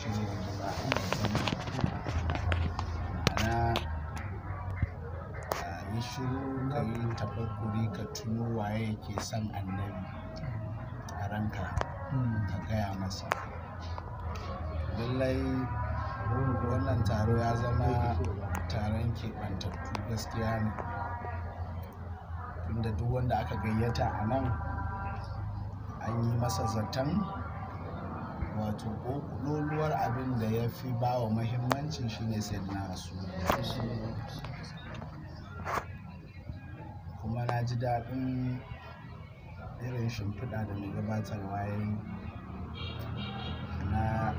shi a shiru ka yi tafakkuri ka tuno waye ke son annabi a ranka ka gaya masa lallai wannan taro ya zama taron keɓantattu gaskiya ne tunda duk wanda aka gayyata a nan an yi masa zaton wato ƙololuwar abin da ya fi ba wa mahimmanci shine na su, kuma na ji daɗin irin shimfiɗa da mai gabatarwa waye na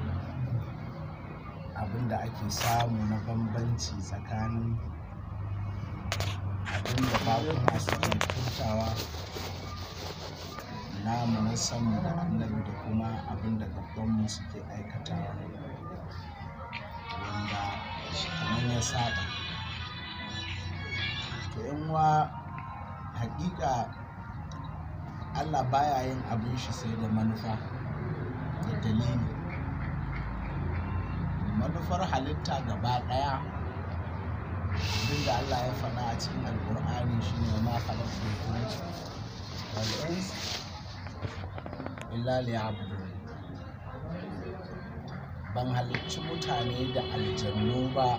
abin da ake samu na bambanci tsakanin abin da ba su ne namu na sama da annabi da kuma abin da gabanmu suke aikatawa wanda kamar ya saba to wa hakika allah baya yin abin shi sai da manufa da dalili manufar halitta gaba daya abin da allah ya faɗa a cikin alkur'ani shine ma halittar wal illa liya'budun ban halarci mutane da aljannu ba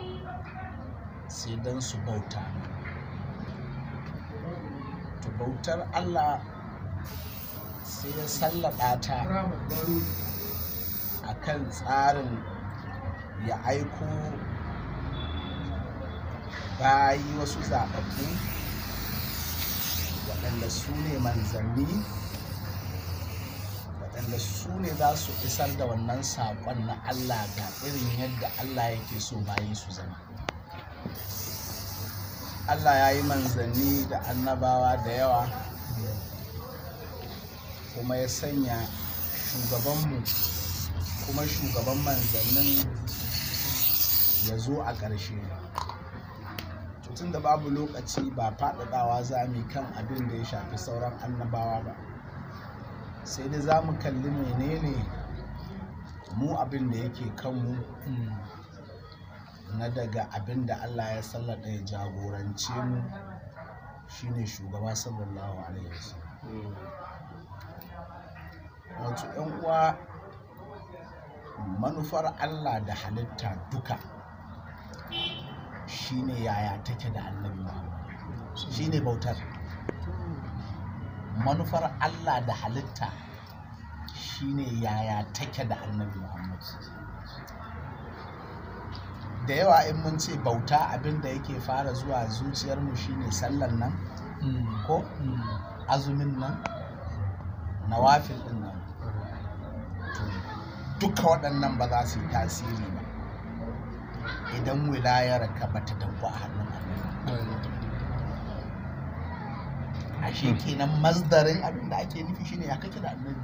sai don su bauta to bautar Allah sai ya sallaɗa ta a kan tsarin ya aiko bayi wasu zaɓaɓɓu waɗanda su ne manzanni wanda su ne za su isar da wannan saƙon na Allah ga irin yadda Allah yake so bayi su zama Allah ya yi manzanni da annabawa da yawa kuma ya sanya shugabanmu kuma shugaban manzannin ya zo a ƙarshe tun da babu lokaci ba faɗaɗawa za mu kan abin da ya shafi sauran annabawa ba sai dai za mu kalli menene mu abin da yake kanmu na daga abin da Allah ya sallada ya jagorance mu shine shugaba sallallahu alaihi wasallam wato yan uwa manufar Allah da halitta duka shine yaya take da annabi shi shine bautar manufar Allah da halitta shine yaya take da annabi Muhammad da yawa in mun ce bauta abinda yake fara zuwa zuciyarmu shine sallar nan ko azumin nan nawafil din nan duka waɗannan ba za su yi tasiri ba idan wilayar ka bata danko a hannun annabi ashe hmm. kenan masdarin abin da ake nufi shine ya kake da annabi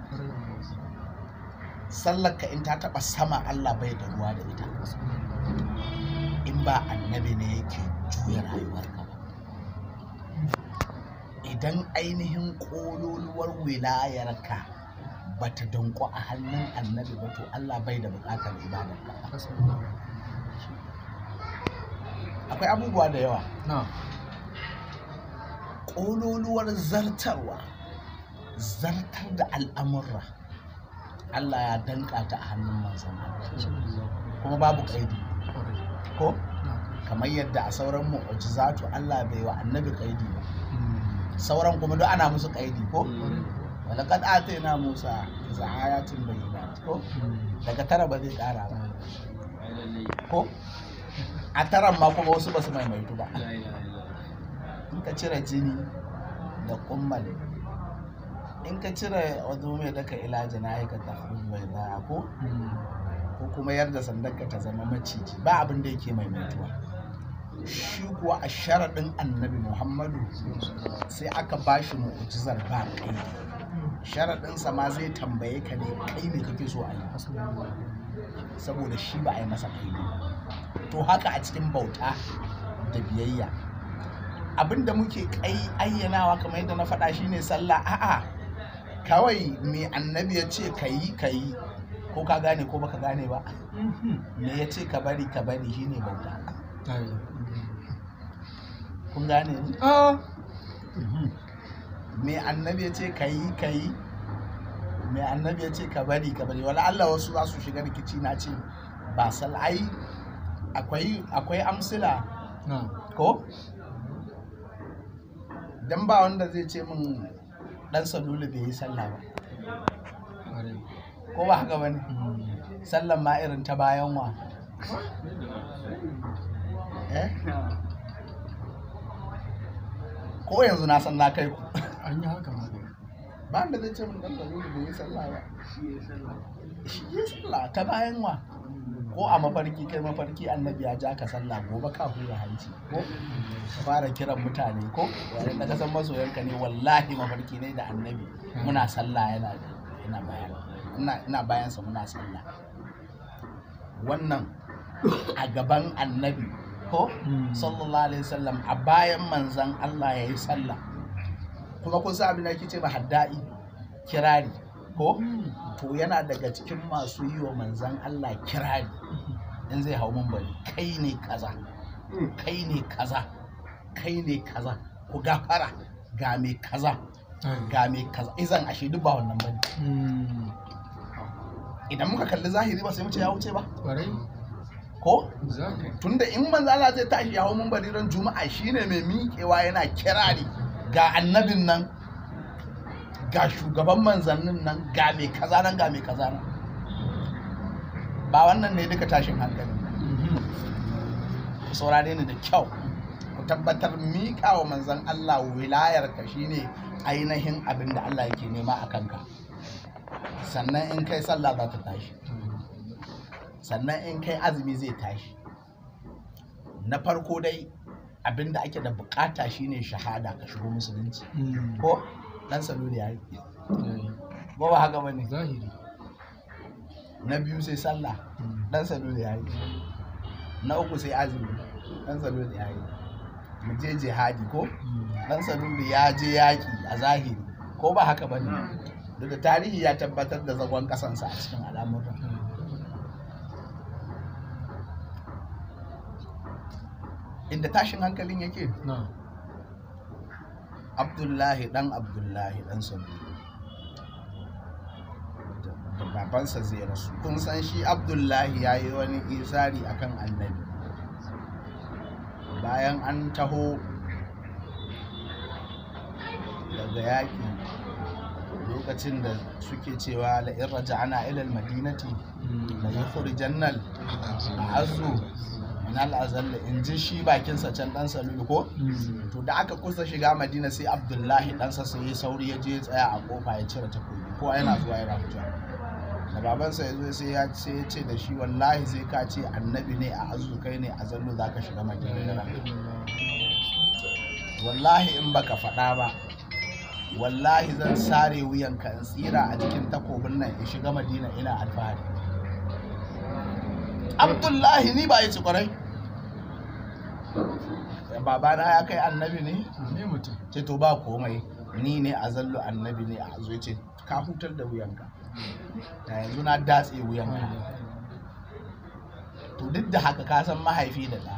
sallar ka in ta taba sama Allah bai da ruwa da ita in ba annabi ne yake juya rayuwar ka ba idan ainihin kololuwar wilayar ka bata danko a hannun annabi ba to Allah bai da bukatar ibadar ka akwai abubuwa da yawa ƙololuwar zartarwa zartar da al'amurra Allah ya danka ta a hannun manzon kuma babu kaidi ko kamar yadda a sauran mu'jizatu Allah bai wa annabi kaidi ba sauran kuma duk ana musu kaidi ko walaqad atayna Musa ayatin bayyinat ko daga tara ba zai kara ba ko a taran ma kuma wasu basu su maimaitu ba ka cire jini da kummal in ka cire wazo mai daga ilaji na aika ta mai za ko ko kuma yarda sandaka ta zama maciji ba abin da yake mai mutuwa shi kuwa a sharaɗin annabi muhammadu sai aka ba shi mu'ujizar ba kai sa ma zai tambaye ka ne kai ne kake so a yi saboda shi ba a yi masa kai to haka a cikin bauta da biyayya abin da muke ayyanawa kamar yadda na faɗa shine sallah a'a kawai me annabi ya ce ka yi ka yi ko ka gane ko baka gane ba me ya ce ka bari ka bari shine bauta kun gane ni ah. me annabi ya ce ka yi ka yi me annabi ya ce ka bari ka bari wala Allah wasu za su shiga rikici na ce ba sal'ai akwai akwai amsila ko don ba wanda zai ce min dan salulu bai yi sallah ba ko ba haka bane sallan ma irin ta bayan wa eh? ko yanzu na san na kai ku an yi haka ma ba wanda zai ce min dan salulu bai yi sallah ba shi yi sallah ta bayan wa ko a mafarki kai mafarki annabi ya ja ka sallah gobe ka hura hanci ko ka fara kiran mutane ko wani da kasan masoyanka ne wallahi mafarki ne da annabi muna sallah yana yana bayan ina sa muna sallah wannan a gaban annabi ko hmm. sallallahu alaihi wasallam a bayan manzan Allah ya yi sallah kuma kun sa abin da kike ce ba hadda'i kirari ko to yana daga cikin masu yi wa manzan Allah kirari in zai hau bari, kai ne kaza kai ne kaza kai ne kaza ku gafara ga me kaza ga me kaza izan eh, ashe duk ba wannan bane idan muka kalli zahiri ba sai mu ce ya wuce ba ko tunda in manzo Allah zai tashi ya hau bari ran juma'a shine mai miƙewa yana kirari ga annabin nan ga shugaban manzannin nan ga mai kaza nan ga mai kaza nan ba wannan ne duka tashin hankali ku saurare ni da kyau ku tabbatar miƙa wa manzan Allah wilayar ka shine ainihin abin da Allah yake nema a kanka sannan in kai sallah za ta tashi sannan in kai azumi zai tashi na farko dai abin da ake da bukata shine shahada ka shigo musulunci ko dan salo ne yayi ba eh. ba haka bane zahiri na biyu sai sallah hmm. dan salo ne yayi na uku sai azumi dan salo ne yayi mu je jihadi ko hmm. dan salo ne ya je yaki a zahiri ko ba haka bane hmm. daga tarihi ya tabbatar da zagon kasansa a cikin al'amuran inda tashin hankalin yake abdullahi dan abdullahi dan sabiru babansa zai rasu kun san shi abdullahi ya yi wani izari kan annabi bayan an taho daga yaƙi lokacin da suke cewa la'in raja'ana ilal madinati yi jannal a azu minal azalla in ji shi bakinsa can dan salulu ko mm. to da aka kusa shiga madina sai abdullahi ɗansa sai ya sauri ya je tsaya a kofa ya cire takobi kowa yana zuwa yana fita da babansa ya zo sai ya ce ya ce da shi wallahi sai ka ce annabi ne a kai ne a zallo za ka shiga madina wallahi in baka faɗa ba wallahi zan sare wuyanka in tsira a cikin takobin nan in shiga madina ina alfahari abdullahi ni ba ya ci kwarai babana ya kai annabi ne ne mutum ce to ba komai ni ne a zallo annabi ne a zo ce ka hutar da wuyanka da yanzu na datse wuyanka to duk da haka ka san mahaifi da ɗa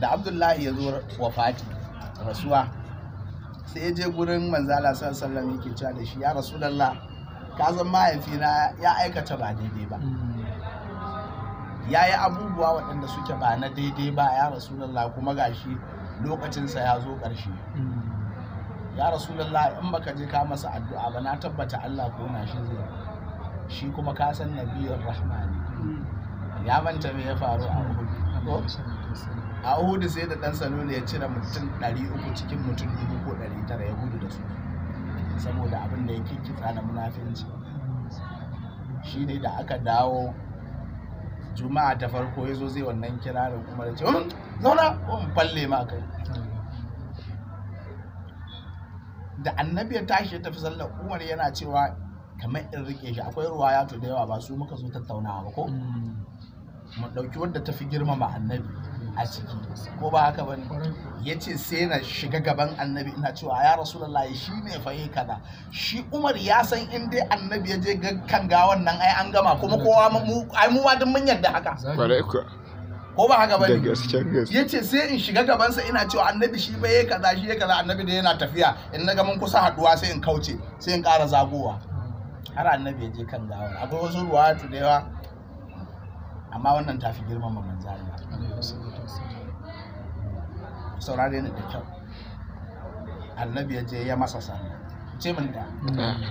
da abdullahi ya zo wa Fati rasuwa sai ya je gurin manzala sallallahu alaihi yake cewa da shi ya rasulullah ka san mahaifi na ya aikata ba daidai ba ya yi abubuwa waɗanda suke ba na daidai ba ya rasulallah kuma gashi lokacinsa ya zo ƙarshe ya rasulallah in baka je ka masa addu'a ba na tabbata Allah ko na shi zai shi kuma ka san nabiyar rahmani ya manta me ya faru a a Uhudu sai da dan ne ya cire mutum 300 cikin mutum 1900 ya gudu da su saboda abin da ya kikkitsa na munafinci shi ne da aka dawo juma'a ta farko ya zo zai wannan da kuma da ce oh, zauna falle ma kai da annabi ya tashi ya tafi sallar umar yana cewa kamar in rike shi akwai ruwa ya da yawa ba su muka zo tattaunawa ba ko mm. mu ɗauki wanda ta fi girmama annabi a ciki ko ba haka bane ya ce sai na shiga gaban annabi ina cewa ya rasulallah shi ne fahi kaza shi umar ya san in dai annabi ya je kan gawan nan ai an gama kuma kowa mu ai mu ma duk mun yarda haka ko ba haka bane ya ce sai in shiga gabansa ina cewa annabi shi ba ya kaza shi ya kaza annabi da yana tafiya in na ga mun kusa haduwa sai in kauce sai in ƙara zagowa har annabi ya je kan gawan akwai wasu ruwa da yawa amma wannan tafi girman manzo Allah saurare ni da kyau annabi ya je ya masa sannu jimin da mm.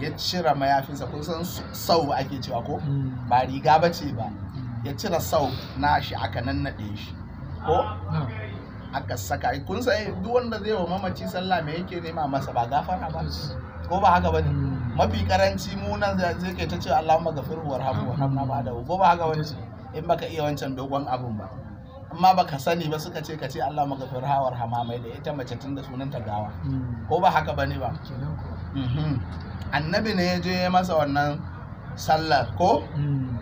ya cire mayafinsa kun san sau ake cewa ko mm. ba riga ba ce ba ya cire sau na shi aka nannaɗe shi ko ah. aka saka kun san duk wanda zai wa mamaci sallah me yake nema masa ba gafara ba ko ba haka bane mm. mafi karanci mu nan zai ke ta ce Allahumma ghafir warhamhu warhamna ba'dahu ko ba haka bane in baka iya wancan dogon abun ba amma baka sani ba suka ce ka ce Allah magafir hawar hamamai da ita mace tun da sunanta gawa hmm. ko ba haka bane ba mhm. annabi ne ya je ya masa wannan sallar ko hmm.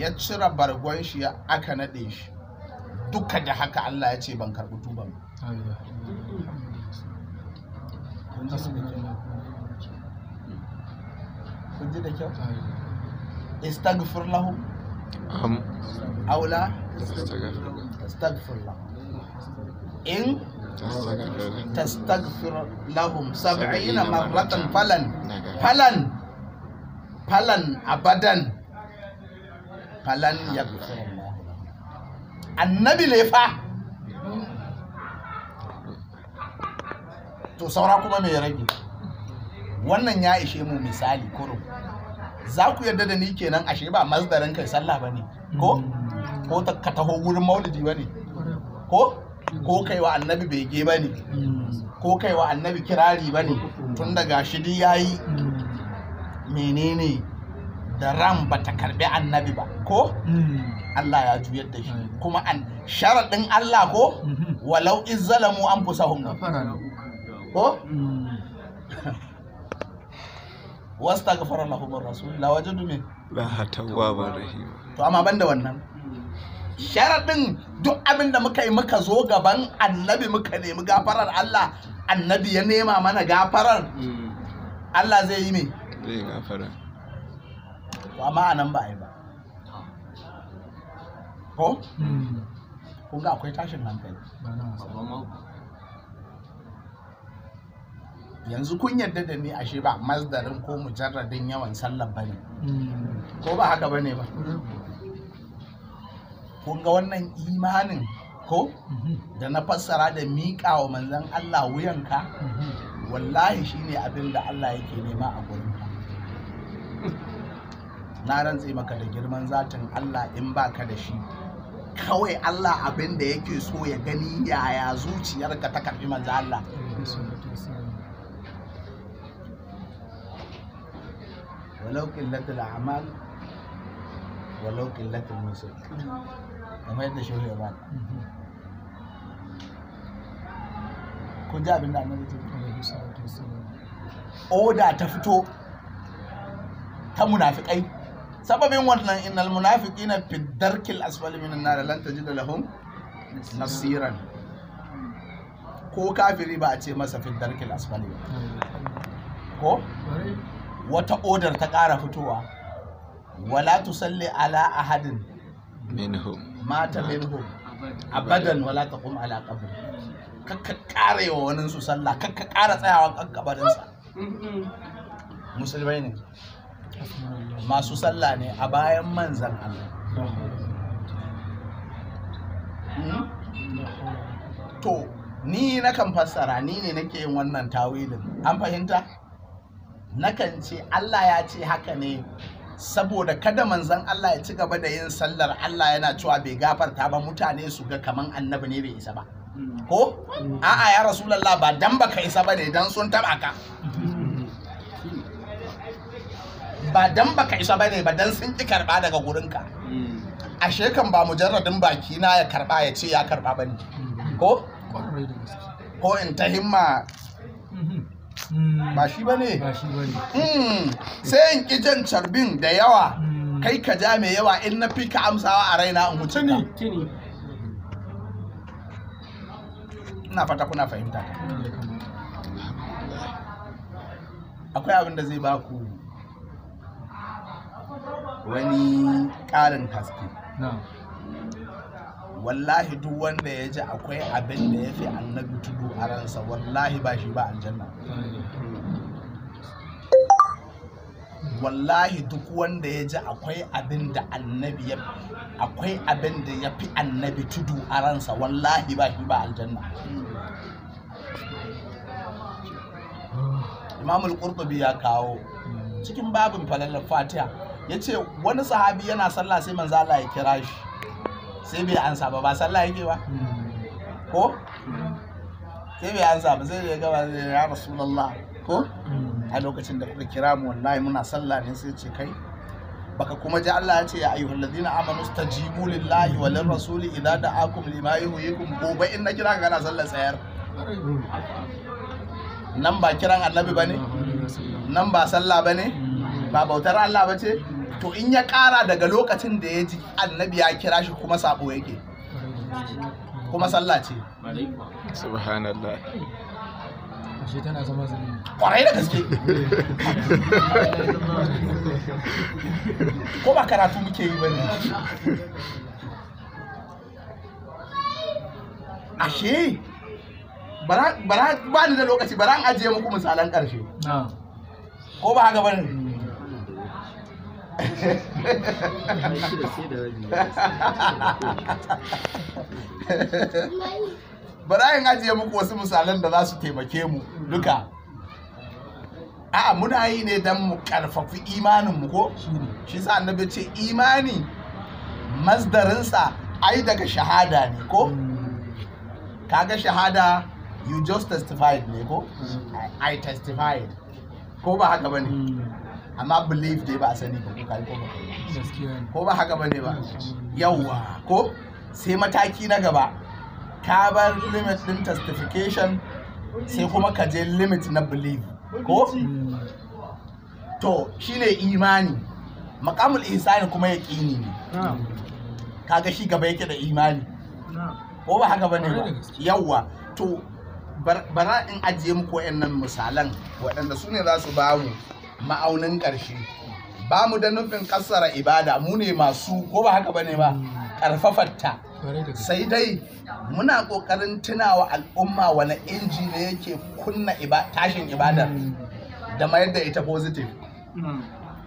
ya cira bargon shi ya aka naɗe shi duka da haka Allah ya ce ban karɓi tuban kun ji da kyau Istagfir lahum am aula tastaghfirullah in tastaghfir lahum sab'ina marratan falan falan falan abadan falan yaghfirullah annabi ne fa to saura kuma mai rage wannan ya ishe mu misali kurum za ku yarda da ni kenan ashe ba masdarin kai sallah ba ne ko ko ka taho wurin maulidi ba ne ko ko kai wa annabi bege ba ne ko kai wa annabi kirari ba ne tun daga shi dai ya menene da ran ba ta karbi annabi ba ko Allah ya juyar da shi kuma an sharaɗin Allah ko mm-hmm. walau izzalamu an ko mm. wasu ta gafara Allah hukumar rasulullah wajen dume la tawwaban rahim to amma ban da wannan sharaɗin duk abin da muka yi muka zo gaban annabi muka nemi gafarar Allah annabi ya nema mana gafarar Allah zai yi me zai gafara to amma anan ba ai ba ko kun ga akwai tashin hankali yanzu kun yarda da ni ashe ba masdarin ko mujarradin yawan sallar ba ne hmm. ko ba haka ba ba kun ga wannan imanin ko hmm. da na fassara da miƙa wa manzan Allah wuyanka hmm. wallahi shine abin da Allah yake nema a gurinka na rantse maka da girman zatin Allah in baka da shi kawai Allah abin da yake so ya gani yaya zuciyarka ta karfi manzan Allah ولو قلة الأعمال ولو قلة المسك لما يدنا شو اللي يبان كن جاب إن أنا جيت كل شيء سوى كل شيء أو دا تفتو تمنافق أي سبب يوم وطن إن المنافقين في الدرك الأسفل من النار لن تجد لهم نصيرا كو كافر يبقى أتي مسا في الدرك الأسفل ko نعم. wata odar ta ƙara fitowa wala tusalli ala ahadin minhum mata minhum abadan wala taqum ala qabri kakka ƙara yawa wani su sallah kakka ƙara tsayawa kan sa musulmai ne masu sallah ne a bayan manzan Allah hmm? to ni na kan fassara ni ne nake yin wannan tawilin an fahimta nakan ce Allah ya ce haka ne saboda kada manzan Allah ya ci gaba da yin sallar Allah yana cewa bai gafarta ba mutane su ga kaman annabi ne bai isa ba hmm. ko a'a ya rasulullah ba dan baka isa ba ne dan sun taba ka hmm. ba dan baka isa ba ne ba dan sun ki karba daga gurinka hmm. ashe kan ba mujarradin baki na ya karba ya ce ya karba ba ne ko ko in ta himma Hmm. ba shi ba ne hmm. sai in ƙi jan carbin da yawa hmm. kai ka ja mai yawa in na fi ka amsawa a raina in mutu ne ina fata kuna fahimta akwai abin da zai ba ku wani ƙarin haske wallahi duk wanda ya ji akwai abin da ya fi annabi tudu a ransa wallahi ba shi ba aljanna wallahi duk wanda ya ji akwai abin da annabi ya akwai abin da ya fi annabi tudu a ransa wallahi ba shi ba aljanna imam al-qurtubi ya kawo cikin babin falalar fatiha ya ce wani sahabi yana sallah sai manzo Allah ya kira shi sai bai ansa ba ba sallah yake ba ko sai bai ansa ba sai ya gaba ya rasulallah ko a lokacin da kuka kira mu wallahi muna sallah ne sai ce kai baka kuma ji Allah ya ce ya ayyuhal ladina amanu stajibu lillahi wa lir rasuli idza da'akum lima yuhyikum gobe in na kira kana sallar tsayar nan ba kiran annabi bane nan ba sallah bane ba bautar Allah bace to in ya ƙara daga lokacin da ya ji annabi ya kira shi kuma sabo yake kuma sallah ce subhanallah ashe tana zama zuri kwarai da gaske ko ba karatu muke yi bane ashe bara ba ni da lokaci bara an ajiye muku misalan karshe ko ba haka bane bara ajiye muku wasu misalan da za su taimake mu duka a muna yi ne don mu karfafi imanin mu ko shi sa annabi ce imani masdarinsa ai daga shahada ne ko kaga shahada you just testified ne ko i testified ko ba haka bane amma belief dai ba a sani ba ko kai ko ba ko ba haka bane ba yawa ko sai mataki na gaba ka bar limit din testification sai kuma ka je limit na belief ko to shine imani makamul ihsani kuma ya kini ne kaga shi gaba yake da imani ko ba haka bane ba yawa to bara in ajiye muku nan misalan waɗanda su ne za su ba mu ma'aunin ƙarshe ba mu da nufin ƙasara ibada mu ne masu ko ba haka bane ba ƙarfafatta sai dai muna ƙoƙarin tunawa al'umma wani inji ne yake kunna tashin ibadar hmm. da mayar da ita positive hmm.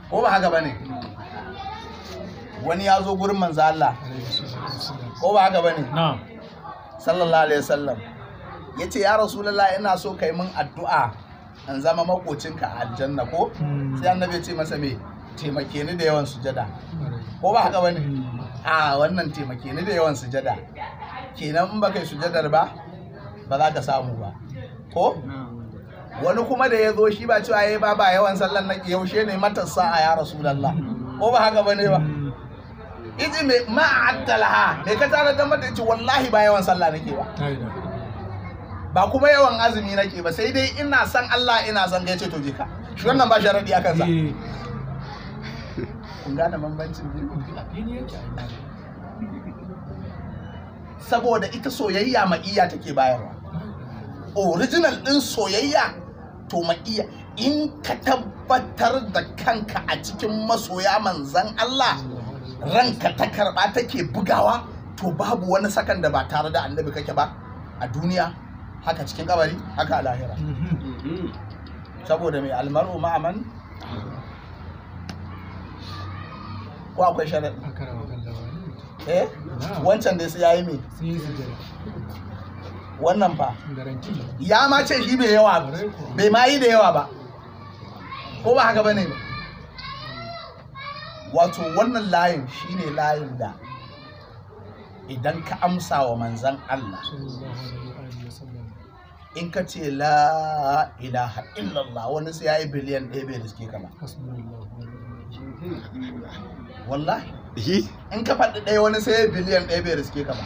ko ba haka bane hmm. wani ya zo gurin manzo Allah ko ba haka bane sallallahu alaihi wasallam yace ya rasulullahi ina so kai mun addu'a an zama makocinka a aljanna ko hmm. sai annabi ce masa me taimake ni da yawan sujada ko ba haka bane hmm. a wannan taimake ni da yawan sujada kenan in baka sujadar ba ba za ka samu ba ko hmm. wani kuma da ya zo shi ba cewa yayi ba ba yawan sallan nan yaushe ne matasa a ya rasulullah ko ba haka bane ba iji me ma'addalaha me ka tare da mata yace wallahi ba yawan sallah nake ba ba kuma yawan azumi nake ba sai dai ina san Allah ina san ga yace to je ka shi wannan ba sharadi akan sa. Eh. kun gane bambancin biyu saboda ita soyayya ma'iya take bayarwa original din soyayya to ma'iya in ka tabbatar da kanka a cikin masoya manzan Allah ranka ta karba take bugawa to babu wani sakan da ba tare da annabi kake ba a duniya haka cikin kabari haka a lahira mm-hmm. saboda mai almaru ma'aman ko akwai sharaɗi eh wancan dai su yayi mai wannan fa ya ma ce shi mai yawa bai ma yi da yawa ba ko ba haka bane wato wannan layin shi ne layin da idan ka amsa wa manzan Allah in ka ce la ilaha illallah wani sai ya yi biliyan ɗaya bai riske ka ba wallahi in ka faɗi ɗaya wani sai ya yi biliyan ɗaya bai riske ka ba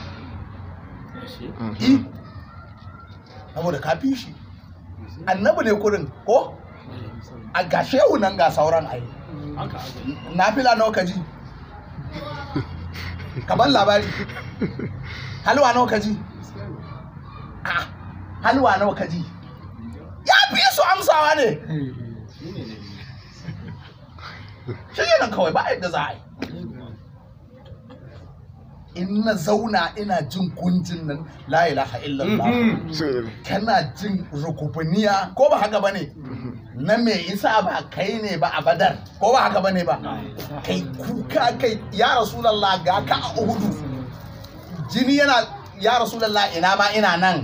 mm-hmm. eh. saboda ka fi shi annabi ne kurin ko a ga shehu nan ga sauran ayi na fila nawa ka ji kaban labari halwa nawa ka ji a'a ah. halwa nawa ka ji ya fi su amsawa ne shi nan kawai ba yadda za a yi in zauna ina jin kunjin nan la ilaha illallah mm-hmm. kana jin rukubuniya ko ba haka bane mm-hmm. na me isa ba kai ne ba a badar ko ba haka bane ba kai kuka kai ya rasulullah ga ka a uhudu jini yana ya rasulallah ina ma ina nan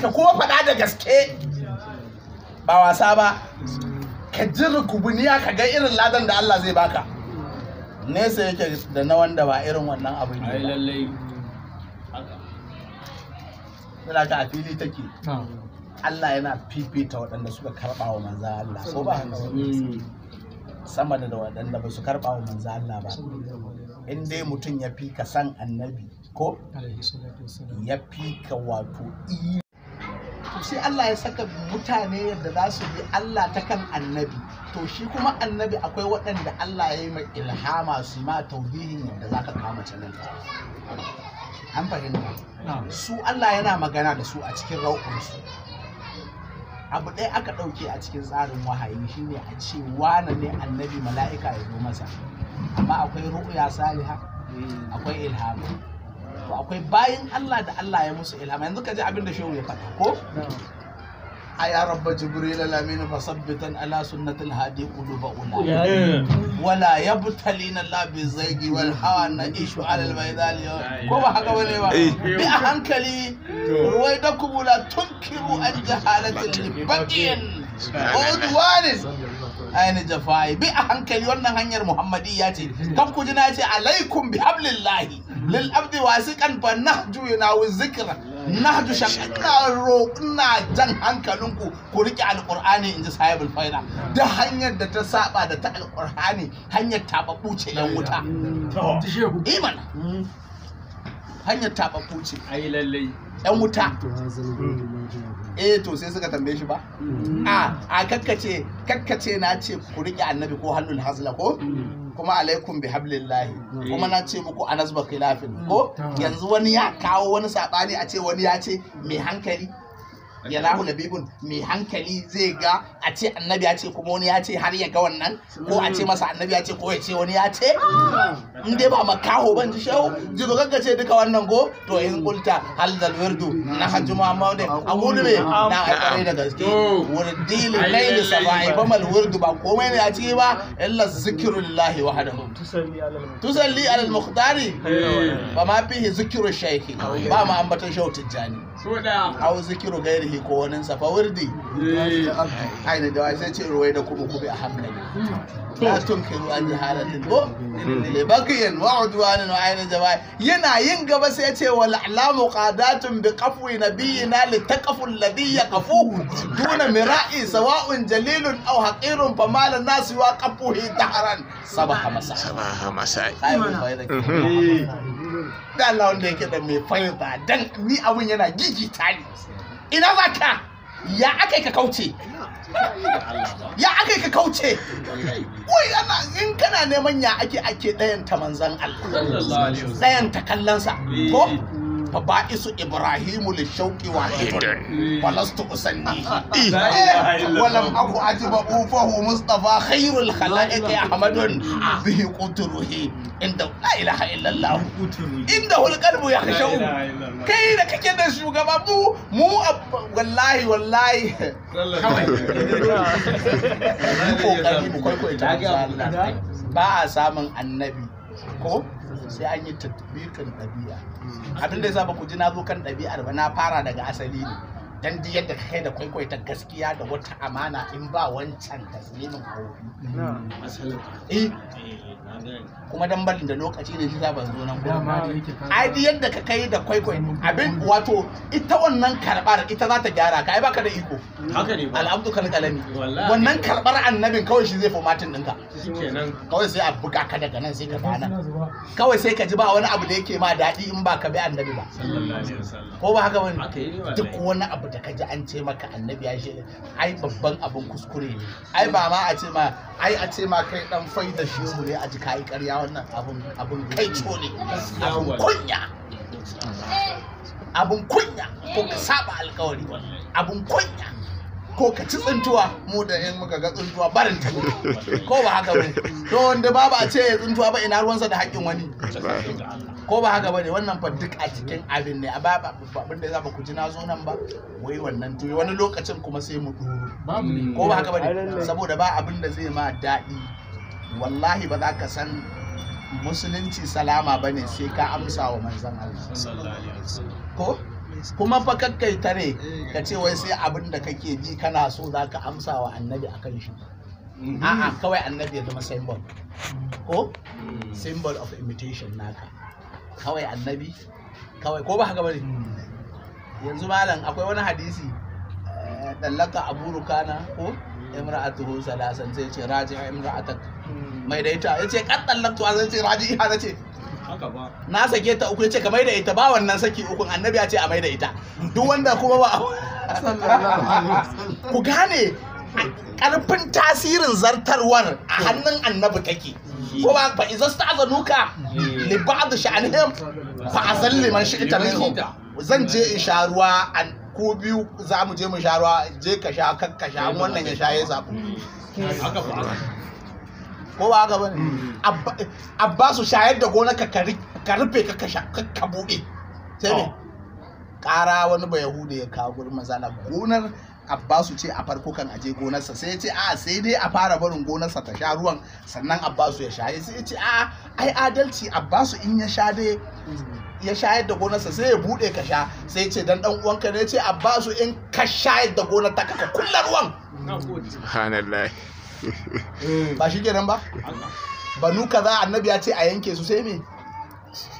ka kuma faɗa da gaske ba wasa ba ka ji rukubuniya ka ga irin ladan da Allah zai baka nesa yake da na wanda ba irin wannan abin ne lallai haka ka a fili take Allah yana fifita waɗanda suka karɓa wa manzo Allah ko ba mm. sama da waɗanda ba su karɓa wa manzo Allah ba in dai mutum ya fi ka san annabi ko ya fi wato to sai Allah ya saka mutane yadda za su bi Allah ta kan annabi to shi kuma annabi akwai waɗanda Allah ya yi mai ilhama su ma tauhihin yadda za ka kama canin an fahimta su Allah yana magana da su a cikin rau'unsu abu ɗaya aka ɗauke a cikin tsarin wahayi shine a ce wane ne annabi mala'ika ya zo masa amma akwai ru'uya saliha eh. akwai ilhama akwai bayan Allah da Allah ya musu ilhama yanzu ka ji abin da shehu ya faɗa ko a ya rabba jibril alamin fasabbitan ala sunnatil hadi quluba ula wala yabtalina la bi zaygi wal hawa na ishu ala al baydal ko ba haka bane ba eh. bi a hankali ruwai da kubula tunkiru an jahalatin baqiyan udwanis aini jafai bi a hankali wannan hanyar ya ce kan ku ya ce alaikum bi hablillahi lil abdi wasiqan fa nahju yunawi zikra nahju shaqqa roƙuna jan hankalinku ku riƙe Alƙur'ani in ji sahibul faida da hanyar da ta saba da ta Alƙur'ani hanyar tababbu ce yan wuta iman hanyar tababbu ce ai lallai yan wuta eh to sai suka tambaye shi ba a a kakkace kakkace na ce ku riƙe annabi ko hannun hazla ko kuma alaikum bi hablillahi mm. kuma na ce muku anas ba khilafin ko mm. yanzu wani ya kawo wani sabani a ce wani ya ce mai hankali ya rahu bibin mai hankali zai ga a ce annabi ya ce kuma wani ya ce har ya ga wannan ko a ce masa annabi ya ce ko ya ce wani ya ce in dai ba makaho ban ji shau ji ko ce duka wannan go to in kulta hal dal wirdu na hajju muhammadin a gudu me na alƙarai da gaske wurdili laili sabai ba mal wirdu ba komai ne a ciki ba illa zikrullahi wahdahu tusalli alal muhtari ba ma fihi zikru ba ma ambaton shau tijjani A daya kiro zikiru gairihi ko wani safa wirdi eh. aina da wai sai ce ruwai da kuma kuma a hankali la tunkiru an jahalatin ko li baqiyan wa udwanin wa aina jama'i yana yin gaba sai ce wal alamu qadatun bi qafwi nabiyina li taqafu alladhi yaqafu duna mira'i sawa'un jalilun aw haqirun fa mal an-nas wa qafuhi tahran sabaha masa sabaha masa eh. da Allah wanda yake da mai fahimta dan ni abun yana digital ina za ka ya aka ka kauce ya aka ka kauce wai ana in kana neman ya ake ake ɗayan ta manzan Allah ɗayan ta kallonsa ko fa ba'isu ibrahimu li shauqi wahidan falastu usannihi eh, walam aku ajiba ufahu mustafa khairul khalaiq ahmadun bihi qutruhi inda la ilaha illallah inda hul qalbu yakhshu kai da kake da shugaba mu mu ba a samun annabi ko sai an yi tatbikan ɗabi'a mm. abin da yasa ba ku ji na zo kan ɗabi'ar ba na fara daga asali ne dan da yadda kai da kwaikwai ta gaskiya da wata amana in ba wancan zai min eh, eh kuma dan barin da lokaci da shi ban zo nan kuma ai da yadda ka kai da kwaikwai abin wato ita wannan karbar ita za ta gyara ka ai baka da iko haka ne ba al'abdu kan kalami wannan karbar annabin kawai shi zai fa matin dinka shikenan kawai sai a buga ka daga nan sai ka fana kawai sai ka ji ba wani abu da yake ma daɗi in ba ka bi annabi ba ko ba haka bane duk wani abu ka kaji an ce maka annabi ya shi ai babban abin kuskure ne ai ba ma a ce ma ai a ce ma kai dan faida mu ne a ji kai karya wannan abun abun kai co ne abun kunya abun kunya ko ka saba alkawari abun kunya ko ka ci tsintuwa mu da yan muka ga tsintuwa barin ta ko ba haka ba to wanda babu a ce tsuntuwa tsintuwa ba ina ruwansa da haƙƙin wani ko ba haka bane wannan fa duk a cikin abin ne a ba abin da ba ku ji na zo nan ba wai wannan to wani lokacin kuma sai mu duru ko ba haka bane saboda ba abin da zai ma daɗi wallahi ba za ka san musulunci salama bane sai ka amsa wa manzon Allah ko kuma fa kakkai tare ka ce wai sai abin da kake ji kana so za ka amsa wa annabi akan shi mhm. a'a kawai annabi ya zama symbol ko mm. symbol of imitation naka kawai annabi kawai ko ba haka bane yanzu malam akwai wani hadisi eh, dallaka abu rukana ko imra'atuhu salasan sai ce raji imra'atak hmm. mai da ita yace kan dallaktu an ce raji ita nace haka ba na sake ta uku yace ka mai da ita ba wannan saki ukun annabi ya ce a mai da ita duk wanda kuma ba ku gane karfin tasirin zartarwar a hannun annabi kake hmm. ko ba fa izasta azanuka hmm. li ba'd sha'anihim fa azal liman shi'ta minhum zan je in sha ruwa ko biyu za mu je mu sha ruwa je ka sha kakka sha wannan ya sha ya zabu ko ba haka bane abba su shayar da gona ka ka rufe ka ka sha ka buɗe sai ne ƙara wani ba yahudi ya kawo gurin mazala gonar abbasu ce a farko kan aje gonarsa sai ya ce a ah, sai dai a fara barin gonarsa ta sha ruwan sannan abbasu ya sha sai ya ce a ah, ai adalci abbasu in ya sha dai ya shayar da gonarsa sai ya bude ka sha sai ya ce dan dan uwanka ne ya ce abbasu in ka shayar da gonar ta ka kulla ruwan subhanallah ba shi kenan ba banu kaza annabi ya ce a yanke su sai me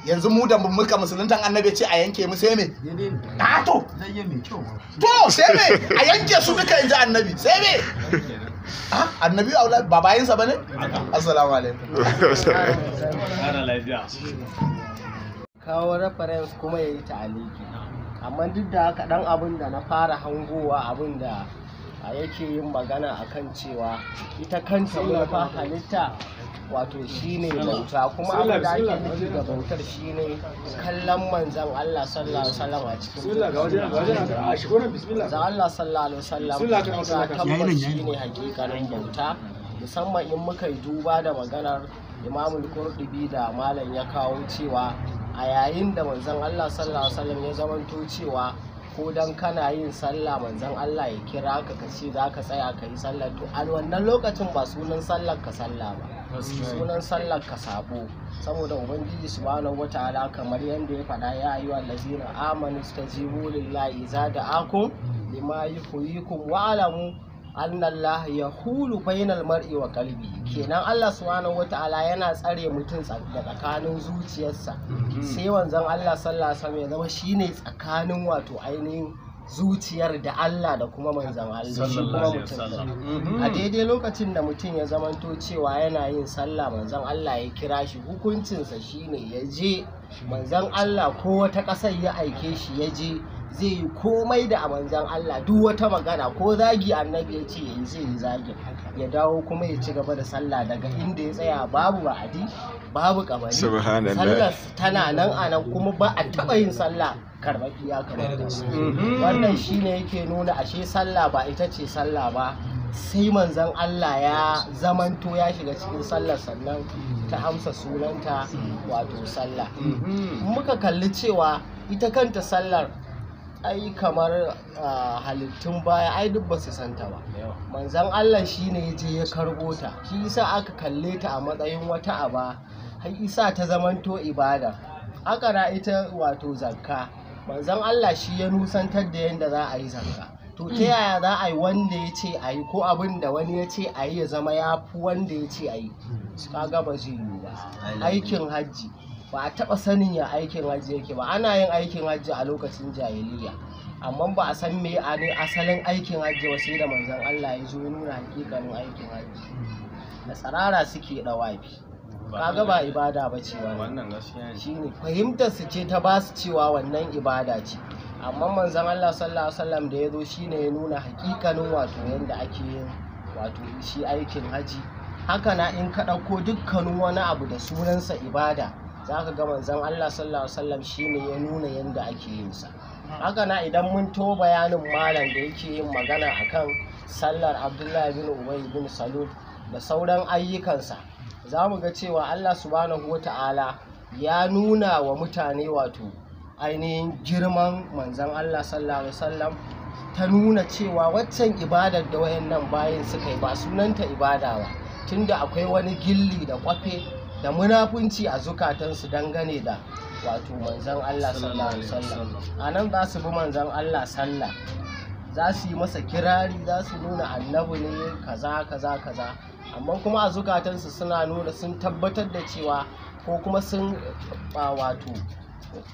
yanzu mu da muka musuluntan annabi ce a yanke mu sai me a to to sai me a yanke su duka yanzu annabi sai me annabi wula ba bayansa ba ne assalamu alaikum kawo reference kuma ya yi ta'aliki amma duk da haka dan abin da na fara hangowa abin da yake yin magana akan cewa ita kanta mun halitta wato shi ne bauta kuma abin da ake nufi da bautar ne kallon manzan Allah sallallahu alaihi a cikin da Allah sallallahu alaihi wasallam ta tabbata ne hakikanin bauta musamman in muka yi duba da maganar imamul kurdubi da malam ya kawo cewa a yayin da manzan Allah sallallahu alaihi wasallam ya zamanto cewa ko dan kana yin sallah manzon Allah ya kira ka ka ce za ka tsaya ka yi sallah to a wannan lokacin ba sunan sallar ka sallah ba sunan sallar ka sabo saboda ubangiji subhanahu wataala kamar yadda ya faɗa ya yi wa lazina amanu zibo lillahi za da ako lima yi wa wa'alamu annallah ya hulu bainal mar'i wa kalbi kenan Allah subhanahu ala yana tsare mutum da tsakanin zuciyarsa mm-hmm. sai wanzan Allah sallallahu alaihi ya zama shine tsakanin wato ainihin zuciyar da Allah da kuma manzan Allah kuma mutum mhm. a daidai lokacin da mutum ya zamanto cewa yana yin sallah manzan Allah ya kira shi hukuncinsa shine ya je manzan Allah ko wata ƙasar ya aike shi ya je zai yi komai da a manzan Allah duk wata magana ko zagi annabi ya ce yanzu zai yi zagi ya dawo kuma ya ci gaba da sallah daga inda ya tsaya babu ba'adi babu kabari sallar tana nan a nan kuma ba a taɓa yin sallah karɓar iya da su wannan shi ne yake nuna ashe sallah ba ita ce sallah ba sai manzon Allah ya zamanto ya shiga cikin sallar sannan ta amsa sunanta wato sallah mm-hmm. muka kalli cewa ita kanta sallar ai kamar halittun baya ai duk ba su santa ba manzon Allah shi ne ya je ya karbo ta shi yasa aka kalle ta a matsayin wata aba har isa ta zamanto ibada akara ita wato zakka manzon Allah shi ya nusantar da yadda za a yi zanka, to ta yaya za a yi wanda ya ce a yi ko abin da wani ya ce a yi ya zama ya fi wanda ya ce a yi ka gaba zai yi ba aikin hajji ba a taɓa sanin ya aikin hajji yake ba ana yin aikin hajji a lokacin jahiliya amma ba a san me a ne asalin aikin hajji ba sai da manzon Allah ya zo nuna hakikanin aikin hajji da tsarara suke dawafi kaga ba ibada ba ce wannan shine fahimtar su ce ta ba su cewa wannan ibada ce amma manzon Allah sallallahu alaihi wasallam da ya zo shine ya nuna hakikanin wato yanda ake yin wato shi aikin haji haka na in ka ɗauko dukkanin wani abu da sunansa ibada za ka ga manzon Allah sallallahu alaihi wasallam shine ya nuna yanda ake yin sa haka na idan mun to bayanin malam da yake yin magana akan sallar Abdullahi bin Ubay bin Salul da sauran ayyukansa za mu ga cewa Allah subhanahu wa ta'ala ya nuna wa mutane wato ainihin girman manzan Allah sallallahu alaihi wasallam ta nuna cewa waccan ibadar da wayannan bayin suka yi ba sunanta ibada ba tunda akwai wani gilli da kwafe da munafunci a zukatansu dangane da wato manzan Allah sallallahu alaihi wasallam anan za su bi manzan Allah sallah za su yi masa kirari za su nuna Annabu ne kaza kaza kaza amma kuma a zukatansu suna nuna sun tabbatar da cewa ko kuma sun wato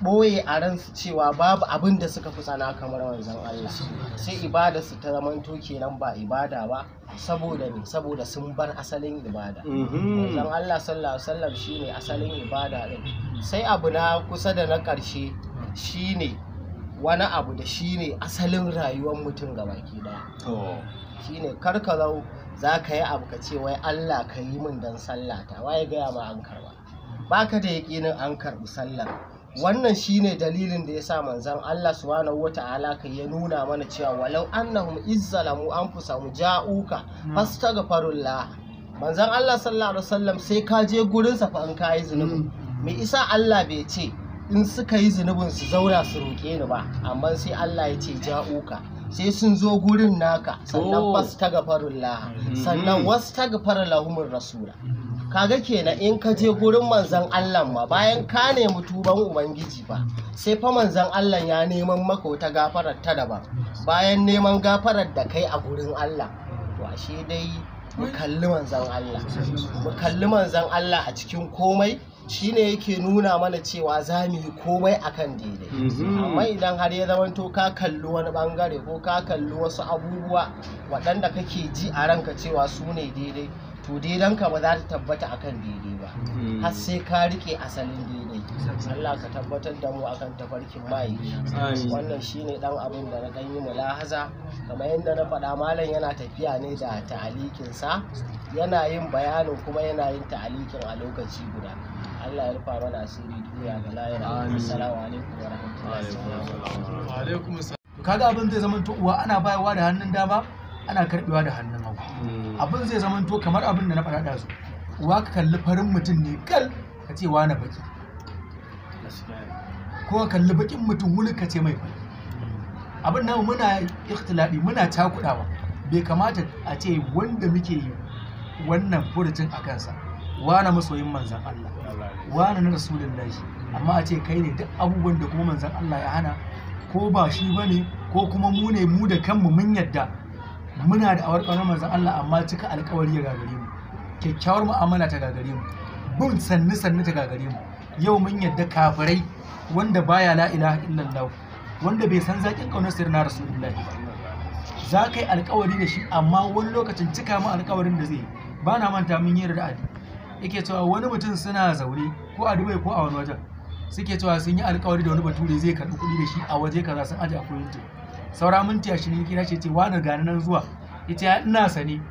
ɓoye a ransu cewa babu abin da suka fi tsana kamar wanzan Allah sai ibada su ta zamanto kenan ba ibada ba saboda ne saboda sun bar asalin ibada wanzan mm-hmm. Allah sallallahu alaihi wasallam shine asalin ibada din sai abu na kusa da na ƙarshe shine wani abu da shi ne asalin rayuwar mutum ke daya shi ne karkarau za ka yi abu ka ce wai allah ka yi min don sallata waye gaya ma an karba Ba ka da yaƙinin an karbi sallar wannan shine dalilin da ya yasa manzon Allah subhanahu wata ka ya nuna mana cewa walau annahum izzalamu anfusahum ja'uka hmm. fastaghfirullah manzan Allah sallallahu alaihi wasallam sai ka je gurin sa fa an kai zunubi hmm. me isa Allah bai ce in suka yi zunubin su zauna su roƙe ni ba amma sai Allah ya ce uka sai sun zo gurin naka sannan wasu oh. ta gafarullah mhm. sannan wasu ta rasula kaga kenan in ka je gurin manzon Allah ma bayan ka nemi tuban ubangiji ba sai fa manzon Allah ya neman maka wata gafarar ta daban bayan neman gafarar da kai a gurin Allah to ashe dai mu kalli manzon Allah mu kalli manzon Allah a cikin komai shine yake nuna mana cewa za mu yi komai akan daidai mhm. amma idan har ya zamanto ka kalli wani bangare ko ka kalli wasu abubuwa waɗanda kake ji a ranka cewa su ne daidai to ka ba za ta tabbata a kan daidai ba mhm. har sai ka rike asalin daidai Allah ka tabbatar da mu akan tafarkin mai wannan shine ɗan abin da na dan yi mulahaza kamar yadda na faɗa malam yana tafiya ne da ta'alikin sa yana yin bayanin kuma yana yin ta'alikin a lokaci guda Allah ya rufa mana asiri duniya ga lahira assalamu alaikum wa rahmatullahi wa alaikum kaga abin zai zama to uwa ana bayarwa da hannun dama ana karbewa da hannun hagu hmm. abin zai zama to kamar abin da na faɗa da su uwa ka kalli farin mutum ne kal ka ce wani baki ko ka kalli bakin mutum wuli ka ce mai fari abin nan muna ikhtilabi muna cakudawa bai kamata a ce wanda muke yi wannan furucin a kansa wane masoyin manzan Allah wane na rasulun lashi amma a ce kai ne duk abubuwan da kuma manzan Allah ya hana ko ba shi ba ne ko kuma mu ne mu da kanmu mun yadda muna da awar ƙaunar manzan Allah amma cika alkawari ya gagare mu kyakkyawar mu'amala ta gagare mu bin sannu sannu ta gagare mu yau mun yadda kafirai wanda baya la ilaha illallah wanda bai san zaƙin ƙaunar sirna rasulullahi za ka yi alkawari da shi amma wani lokacin cika mu alkawarin da zai ba na manta mun yi da ra'adi yake cewa wani mutum suna zaune ko a dubai ko a wani wajen suke cewa sun yi alkawari da wani bature zai karɓi kuɗi da shi a waje kaza sun aje a ta saura minti ashirin ya kira ce ce wani gani nan zuwa ita ya ina sani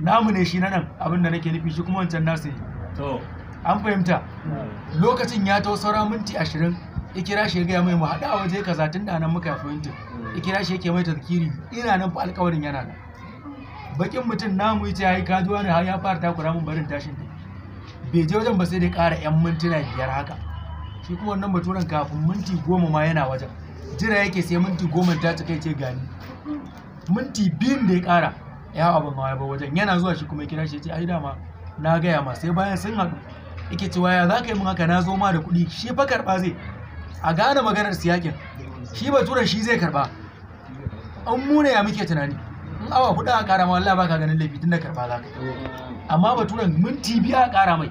namu ne shi na nan abin da nake nufi shi kuma wancan nasu ne an fahimta hmm. lokacin ya tau saura minti ashirin ikira shi ya gaya mai mu haɗu a waje kaza tun da nan muka fahimta Ikira shi yake mai tazkiri ina nan fa alkawarin yana nan bakin mutum namu yace ai ka zuwa ne har ya fara takura mun barin tashin ne bai je wajen ba sai dai ƙara yan mintuna biyar haka shi kuma wannan baturen kafin minti goma ma yana wajen jira yake sai minti goma ta cika ce gani minti biyun da ya ƙara ya abu ma ya ba wajen yana zuwa shi kuma kira shi ce ai dama na gaya ma sai bayan sun haɗu yake cewa ya za ka yi mun haka na zo ma da kuɗi shi fa karɓa zai a gane maganar siyakin shi baturen shi zai karɓa an muna ya muke tunani awa hudu a kara ma wallahi baka ganin laifi tunda karba za ka amma baturan minti biya a kara mai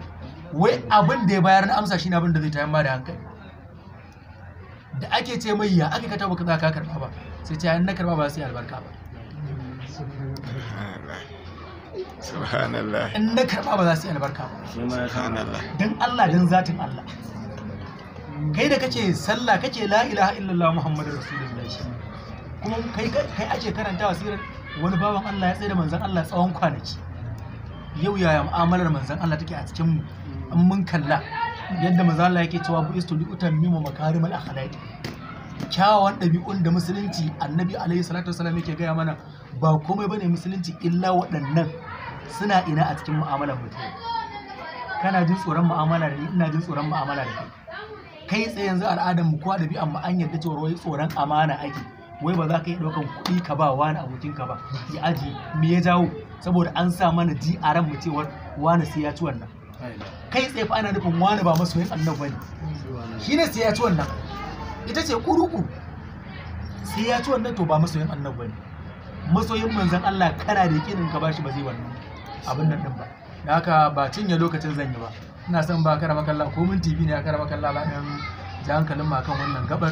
wai abin da ya bayar na amsa shine abin da zai ta ma da hankali da ake ce mai ya aka kata baka za ka karba ba sai ce na karba ba sai albarka ba subhanallah in na karba ba za su yi albarka ba subhanallah dan Allah dan zatin Allah kai da kake sallah kake la ilaha illallah muhammadur rasulullah kuma kai kai ake karanta wasirar wani bawan Allah ya tsaye da manzan Allah tsawon kwanaki yau yaya mu'amalar manzan Allah take a cikin mu mun kalla yadda manzan Allah yake cewa bu'istu li utammimu makarimal akhlaqi kyawawan ɗabi'un da musulunci annabi alayhi salatu wasallam yake gaya mana ba komai bane musulunci illa waɗannan suna ina a cikin mu'amalar mutum kana jin tsoron mu'amala da ni ina jin tsoron mu'amala da kai kai tsaye yanzu al'adar mu ko ɗabi'an mu an yarda cewa wai tsoron amana ake wai ba za ka yi ɗaukan kuɗi ka ba wani abokinka ba ya aji me ya jawo saboda an sa mana ji a ran mu cewar wani sai ya ci wannan kai tsaye fa ana nufin wani ba yin annabi bane shi ne sai ya ci wannan ita ce kuruku sai ya ci wannan to ba masoyin annabi bane masoyin manzon Allah kana da yakinin ka bashi ba zai wannan abin nan din ba da haka ba cinye lokacin zan yi ba ina son ba kara kallon ko mun tv ne ya karama kallon ba dan ji ma kan wannan gabar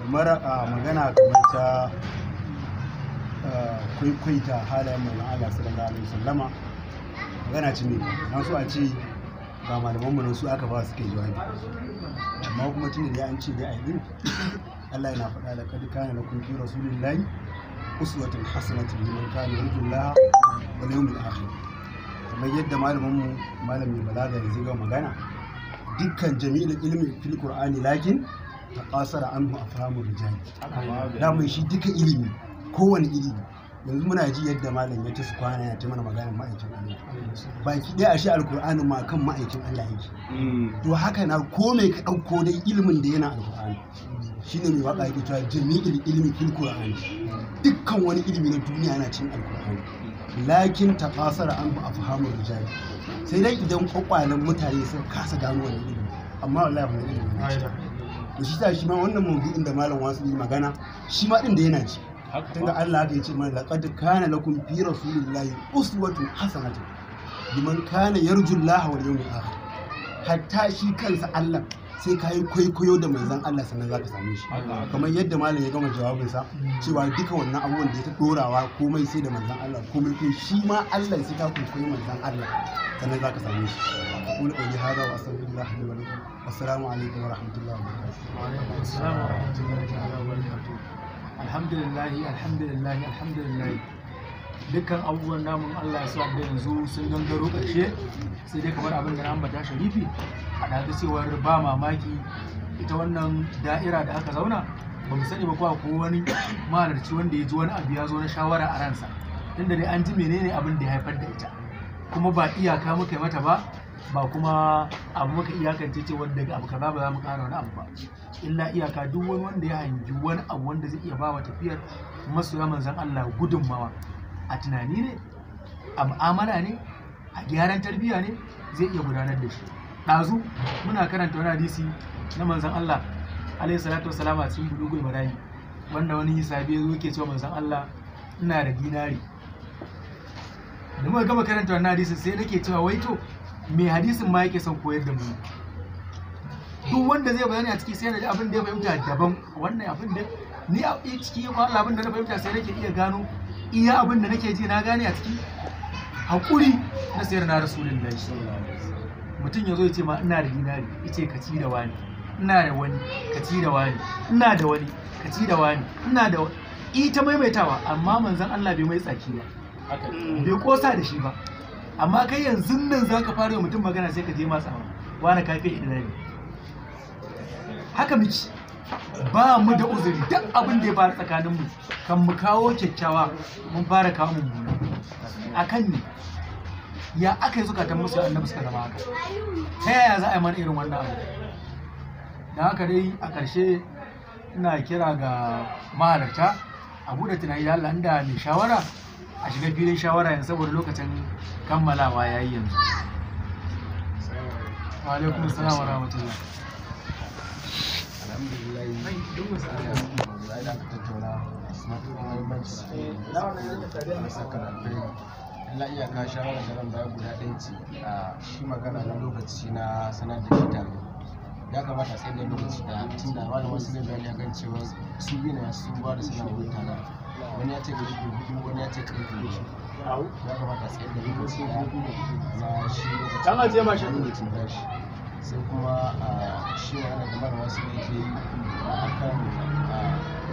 kamar a magana kamar ta kwaikwaita halayen mai Allah sallallahu alaihi wasallama magana ce ne na so a ce ga malaman mu su aka ba su ke jawabi amma kuma tunda da an ce da ayi Allah yana faɗa da kad kana lakum fi rasulillahi uswatun hasanatun liman kana yarjullaha wal yawmil akhir kamar yadda malaman mu malamin balaga yanzu ga magana dukkan jami'in ilmi fil qur'ani lakin ta kasara a afhamu rijali da mai shi duka ilimi kowane ilimi yanzu muna ji yadda malam ya su kwana ya ta mana magana ma'aikin Allah baki ɗaya a shi alkur'ani ma kan ma'aikin Allah yake to haka na ko mai ka ɗauko dai ilimin da yana alkur'ani shine mai waka yake cewa jami'il ilmi fil dukkan wani ilimi na duniya yana cin alkur'ani lakin ta tafasara an ba afhamur rijali sai dai idan kwakwalen mutane sun kasa gano wani ilimi amma wallahi wani ilimi ne da shi shi ma wannan maudu'in da malam wasu yi magana shi ma din da yana ji tunda Allah ya ce mana laqad kana lakum fi rasulillahi uswatun hasanatun liman kana yarju Allah wal yawmil akhir hatta shi kansa Allah sai ka yi kwaikwayo da mai zan Allah sannan za ka same shi kamar yadda malam ya gama jawabinsa cewa duka wannan abubuwan da ya ta dorawa komai sai da manzan Allah komai kai shi ma Allah sai ka kwaikwayo manzan Allah sannan za ka same shi aqulu qawli hadha wa astaghfirullah li wa lakum assalamu wa alaikum wa rahmatullahi wa barakatuh dukkan abubuwan namun Allah ya sa da yanzu sun gangaro ƙarshe sai dai kamar abin da na ambata sharifi haɗa ta cewar ba mamaki ita wannan da'ira da aka zauna ba mu sani ba kuwa ko wani mahalarci wanda ya ji wani abu ya zo na shawara a ransa inda dai an ji menene abin da ya haifar da ita kuma ba iyaka muka yi mata ba ba kuma abu muka iyakance cewa daga abu kaza ba za mu kara wani abu ba illa iyaka duk wani wanda ya hangi wani abu wanda zai iya ba wa tafiyar masoya manzan Allah gudunmawa a tunani ne a mu'amala ne a gyaran tarbiyya ne zai iya gudanar da shi ɗazu muna karanta wani hadisi na manzon Allah alaihi salatu wasalam a cikin bulugul marani wanda wani hisabi ya zo ke cewa manzon Allah ina da dinari da muka gama karanta wannan hadisi sai nake cewa wai to me hadisin ma yake son koyar da mu duk wanda zai bayani a ciki sai na ji abin da ya fahimta daban wannan abin da ni a ciki ya kwallo abin da na fahimta sai nake iya gano iya abin da nake ji na gane a ciki haƙuri na sayar na sallallahu alaihi wasallam mutum ya zo ya ce ma ina da dinari ya ce ka ci da wani ina da wani ka ci da wani ina da wani ka ci da wani ina da ita maimaitawa amma manzon Allah bai mai tsaki ba bai kosa da shi ba amma kai yanzu nan za ka fara yi mutum magana sai ka je masu hawa wani kafe ina ne haka miki ba mu da uzuri duk abin da ya faru tsakaninmu kan mu kawo kyakkyawa mun fara kawo mummuna a kan ne ya aka yi zukatan musu annabi suka zama haka ta yaya za a yi mana irin wannan abu da haka dai a ƙarshe ina kira ga mahalarta a buɗe tunani da Allah inda mai shawara a shiga filin shawara yanzu saboda lokacin kammalawa ya yi yanzu wa alaikum salam wa rahmatullah alhamdulillah Allah iya ka shawara da ran baya guda ɗaya ce a shi magana na lokaci na sanar da shi tare ya kamata a da lokaci da tun da ba da wasu zai bayani kan cewa su biyu na su ba da suna wuri tare wani ya ce ga shi hudu wani ya ce ƙarfi ya kamata a tsaye da lokaci da shi lokaci da shi sai kuma shi magana da mara wasu ne ke yi a kan